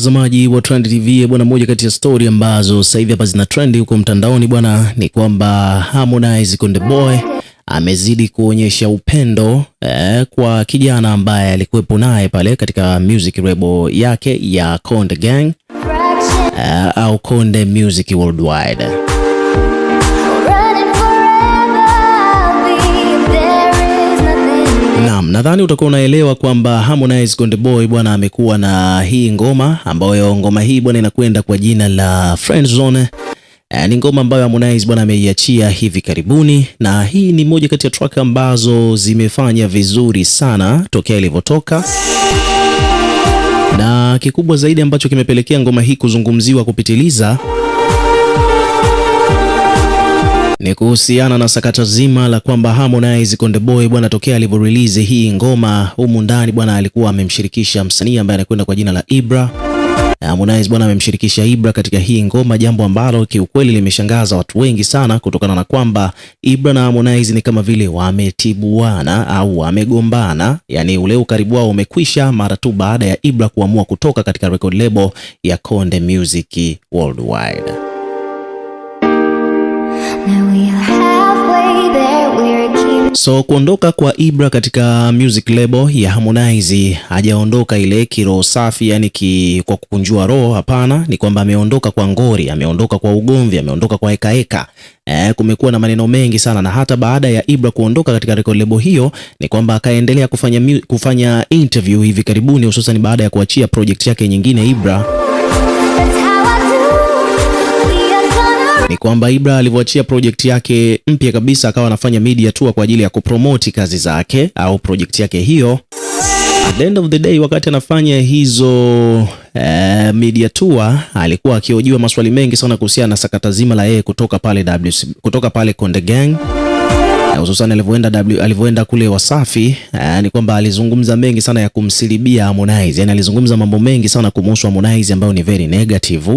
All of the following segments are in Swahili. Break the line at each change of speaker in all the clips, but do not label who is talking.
mtazamaji wa Trend TV e bwana, moja kati ya stori ambazo sasa hivi hapa zina trend huko mtandaoni bwana ni kwamba Harmonize Konde Boy amezidi kuonyesha upendo eh, kwa kijana ambaye alikuwepo naye pale katika music rebo yake ya Konde Gang eh, au Konde Music Worldwide. Naam, nadhani utakuwa unaelewa kwamba Harmonize Konde Boy bwana amekuwa na hii ngoma ambayo ngoma hii bwana inakwenda kwa jina la Friend Zone. E, ni ngoma ambayo Harmonize bwana ameiachia hivi karibuni, na hii ni moja kati ya track ambazo zimefanya vizuri sana tokea ilivyotoka na kikubwa zaidi ambacho kimepelekea ngoma hii kuzungumziwa kupitiliza ni kuhusiana na sakata zima la kwamba Harmonize Konde Boy bwana, tokea release hii ngoma humu ndani bwana, alikuwa amemshirikisha msanii ambaye anakwenda kwa jina la Ibra. Harmonize bwana amemshirikisha Ibra katika hii ngoma, jambo ambalo kiukweli limeshangaza watu wengi sana, kutokana na kwamba Ibra na Harmonize ni kama vile wametibuana au wamegombana, yani ule ukaribu wao umekwisha mara tu baada ya Ibra kuamua kutoka katika record label ya Konde Music Worldwide. So kuondoka kwa Ibra katika music label ya Harmonize, hajaondoka ile kiroho safi, yani ki, kwa kukunjua roho. Hapana, ni kwamba ameondoka kwa ngori, ameondoka kwa ugomvi, ameondoka kwa hekaheka. E, eh, kumekuwa na maneno mengi sana, na hata baada ya Ibra kuondoka katika record label hiyo, ni kwamba akaendelea kufanya, kufanya interview hivi karibuni, hususan baada ya kuachia project yake nyingine Ibra kwamba Ibra alivyoachia project yake mpya kabisa, akawa anafanya media tour kwa ajili ya kupromoti kazi zake au project yake hiyo. At the end of the day, wakati anafanya hizo uh, media tour alikuwa akiojiwa maswali mengi sana kuhusiana na sakata zima la yeye kutoka pale WC, kutoka pale Konde Gang hususan alivyoenda alivyoenda kule Wasafi aa, eh, ni kwamba alizungumza mengi sana ya kumsilibia Harmonize, yani alizungumza mambo mengi sana kumhusu Harmonize ambayo ni very negative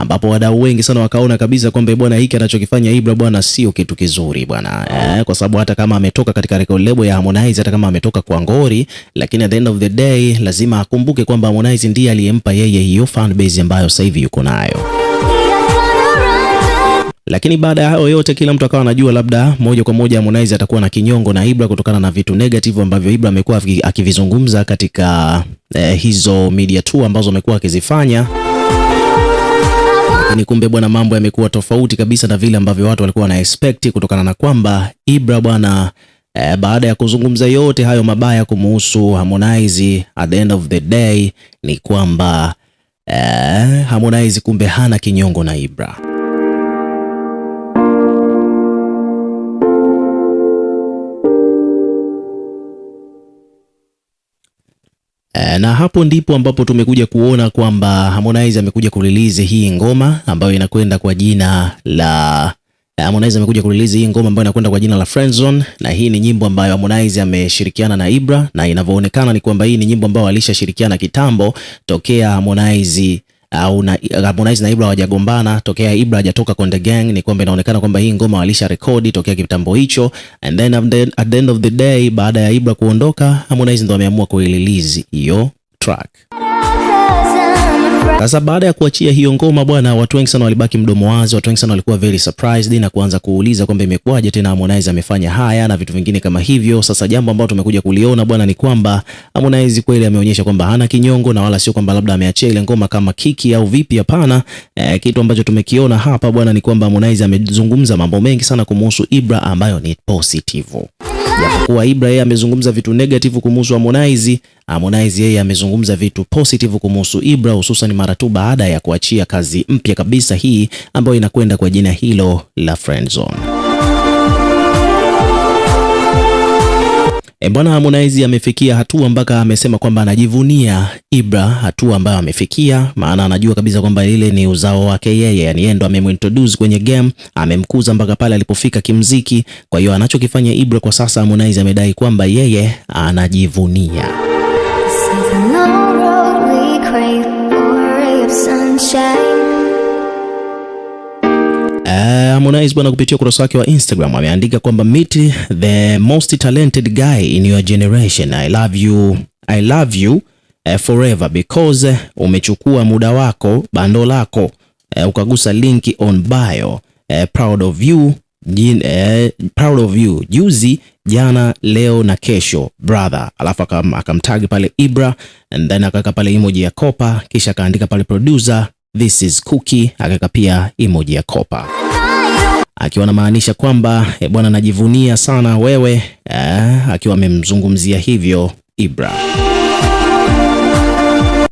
ambapo wadau wengi sana wakaona kabisa kwamba bwana hiki anachokifanya Ibra bwana sio kitu kizuri bwana eh, kwa sababu hata kama ametoka katika record label ya Harmonize, hata kama ametoka kwa ngori, lakini at the end of the day lazima akumbuke kwamba Harmonize ndiye aliyempa yeye hiyo fan base ambayo sasa hivi yuko nayo lakini baada ya hayo yote, kila mtu akawa anajua labda moja kwa moja Harmonize atakuwa na kinyongo na Ibra kutokana na vitu negative ambavyo Ibra amekuwa akivizungumza katika eh, hizo media tour ambazo amekuwa akizifanya lakini kumbe bwana, mambo yamekuwa tofauti kabisa na vile ambavyo watu walikuwa wanaexpect, kutokana na kwamba Ibra bwana e, baada ya kuzungumza yote hayo mabaya kumuhusu Harmonize, at the end of the day ni kwamba e, Harmonize kumbe hana kinyongo na Ibra. na hapo ndipo ambapo tumekuja kuona kwamba Harmonize amekuja kurelease hii ngoma ambayo inakwenda kwa jina la Harmonize amekuja kurelease hii ngoma ambayo inakwenda kwa jina la Friendzone, na hii ni nyimbo ambayo Harmonize ameshirikiana na Ibra, na inavyoonekana ni kwamba hii ni nyimbo ambayo alishashirikiana kitambo tokea Harmonize au na Harmonize na Ibra hawajagombana tokea Ibra hajatoka Konde Gang, ni kwamba inaonekana kwamba hii ngoma walisha rekodi tokea kitambo hicho, and then at the end of the day, baada ya Ibra kuondoka, Harmonize ndo ameamua kuirelease hiyo track. Sasa baada ya kuachia hiyo ngoma bwana, watu wengi sana walibaki mdomo wazi, watu wengi sana walikuwa very surprised na kuanza kuuliza kwamba imekuwaje tena Harmonize amefanya haya na vitu vingine kama hivyo. Sasa jambo ambalo tumekuja kuliona bwana ni kwamba Harmonize kweli ameonyesha kwamba hana kinyongo na wala sio kwamba labda ameachia ile ngoma kama kiki au vipi, hapana. Eh, kitu ambacho tumekiona hapa bwana ni kwamba Harmonize amezungumza mambo mengi sana kumuhusu Ibra ambayo ni positive. Japokuwa Ibra yeye amezungumza vitu negative kumhusu Harmonize, Harmonize yeye amezungumza vitu positive kumhusu Ibra, hususan mara tu baada ya kuachia kazi mpya kabisa hii ambayo inakwenda kwa jina hilo la Friendzone. E, bwana Harmonize amefikia hatua mpaka amesema kwamba anajivunia Ibra hatua ambayo amefikia, maana anajua kabisa kwamba ile ni uzao wake yeye, yani yeye ndo amemintroduce kwenye game, amemkuza mpaka pale alipofika kimziki. Kwa hiyo anachokifanya Ibra kwa sasa, Harmonize amedai kwamba yeye anajivunia Harmonize bwana kupitia ukurasa wake wa Instagram ameandika kwamba meet the most talented guy in your generation. I love you. I love you eh, forever because eh, umechukua muda wako bando lako eh, ukagusa link on bio. Proud of you. Proud of you. Juzi jana leo na kesho brother, alafu akamtag pale Ibra and then akaweka pale emoji ya kopa, kisha akaandika pale producer, this is Cookie, akaweka pia emoji ya kopa akiwa anamaanisha kwamba e, bwana najivunia sana wewe e, akiwa amemzungumzia hivyo Ibra.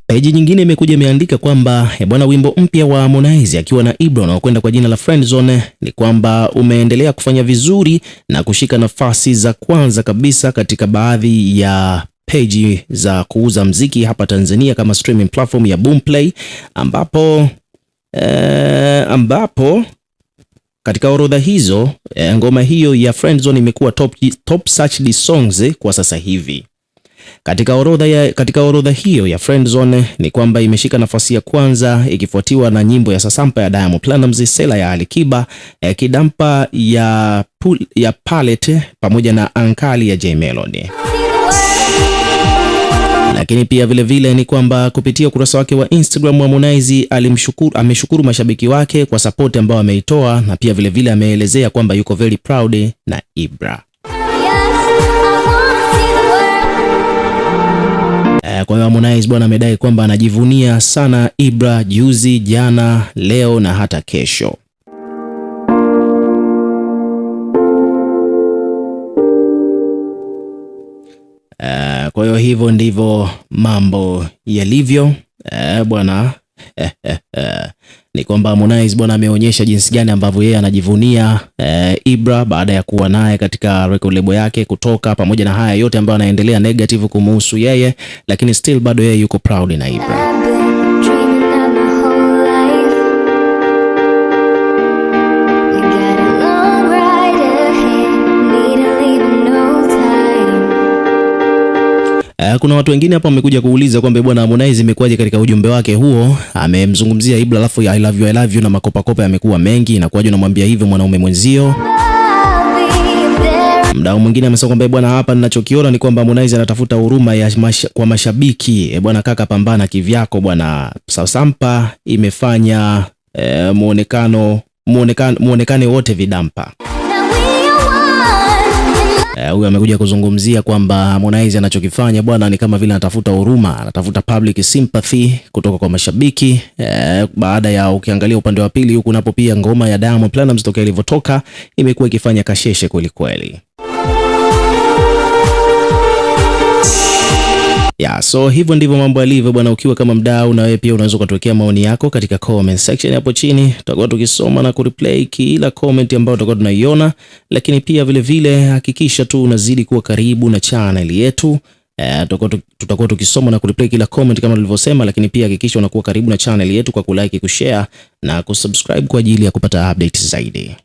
Peji nyingine imekuja imeandika kwamba e, bwana wimbo mpya wa Harmonize akiwa na Ibra unaokwenda kwa jina la Friend Zone ni kwamba umeendelea kufanya vizuri na kushika nafasi za kwanza kabisa katika baadhi ya peji za kuuza mziki hapa Tanzania kama streaming platform ya Boomplay ambapo e, ambapo katika orodha hizo eh, ngoma hiyo ya Friendzone imekuwa top, top searched songs eh, kwa sasa hivi. Katika orodha ya, katika orodha hiyo ya Friendzone eh, ni kwamba imeshika nafasi ya kwanza ikifuatiwa na nyimbo ya Sasampa ya Diamond Platnumz, Sela ya Alikiba, eh, Kidampa ya, ya Palette eh, pamoja na Ankali ya Jay Melody. Lakini pia vilevile vile ni kwamba kupitia ukurasa wake wa Instagram Harmonize alimshukuru, ameshukuru mashabiki wake kwa sapoti ambayo ameitoa, na pia vilevile ameelezea kwamba yuko very proud na Ibra. Eh, kwa hiyo Harmonize bwana amedai kwamba anajivunia sana Ibra juzi, jana, leo na hata kesho. Eh, kwa hiyo hivyo ndivyo mambo yalivyo uh, bwana eh, Ni kwamba Harmonize bwana ameonyesha jinsi gani ambavyo yeye anajivunia eh, Ibra baada ya kuwa naye katika record label yake kutoka, pamoja na haya yote ambayo anaendelea negative kumuhusu yeye, lakini still bado yeye yuko proud na Ibra. kuna watu wengine hapa wamekuja kuuliza kwamba bwana Harmonize imekuwaje katika ujumbe wake huo amemzungumzia Ibra, alafu I love you I love you na makopakopa yamekuwa mengi, inakuwaje unamwambia hivyo mwanaume mwenzio? Mdau mwingine amesema kwamba eh, bwana, hapa ninachokiona ni kwamba Harmonize anatafuta huruma ya mash, kwa mashabiki e, bwana kaka, pambana kivyako bwana. Sasampa imefanya e, eh, muonekano muonekane wote vidampa Eh, huyu amekuja kuzungumzia kwamba Harmonize anachokifanya bwana ni kama vile anatafuta huruma, anatafuta public sympathy kutoka kwa mashabiki eh, baada ya ukiangalia upande wa pili huku napo pia ngoma ya Diamond Platnumz tokea ilivyotoka imekuwa ikifanya kasheshe kweli kweli. yeah, so hivyo ndivyo mambo yalivyo bwana. Ukiwa kama mdau, na wewe pia unaweza ukatuwekea maoni yako katika comment section hapo chini, tutakuwa tukisoma na kureplay kila comment ambayo tutakuwa tunaiona, lakini pia vile vile hakikisha tu unazidi kuwa karibu na channel yetu. E, tutakuwa tukisoma na kureplay kila comment kama tulivyosema, lakini pia hakikisha unakuwa karibu na channel yetu kwa kulike, kushare na kusubscribe kwa ajili ya kupata updates zaidi.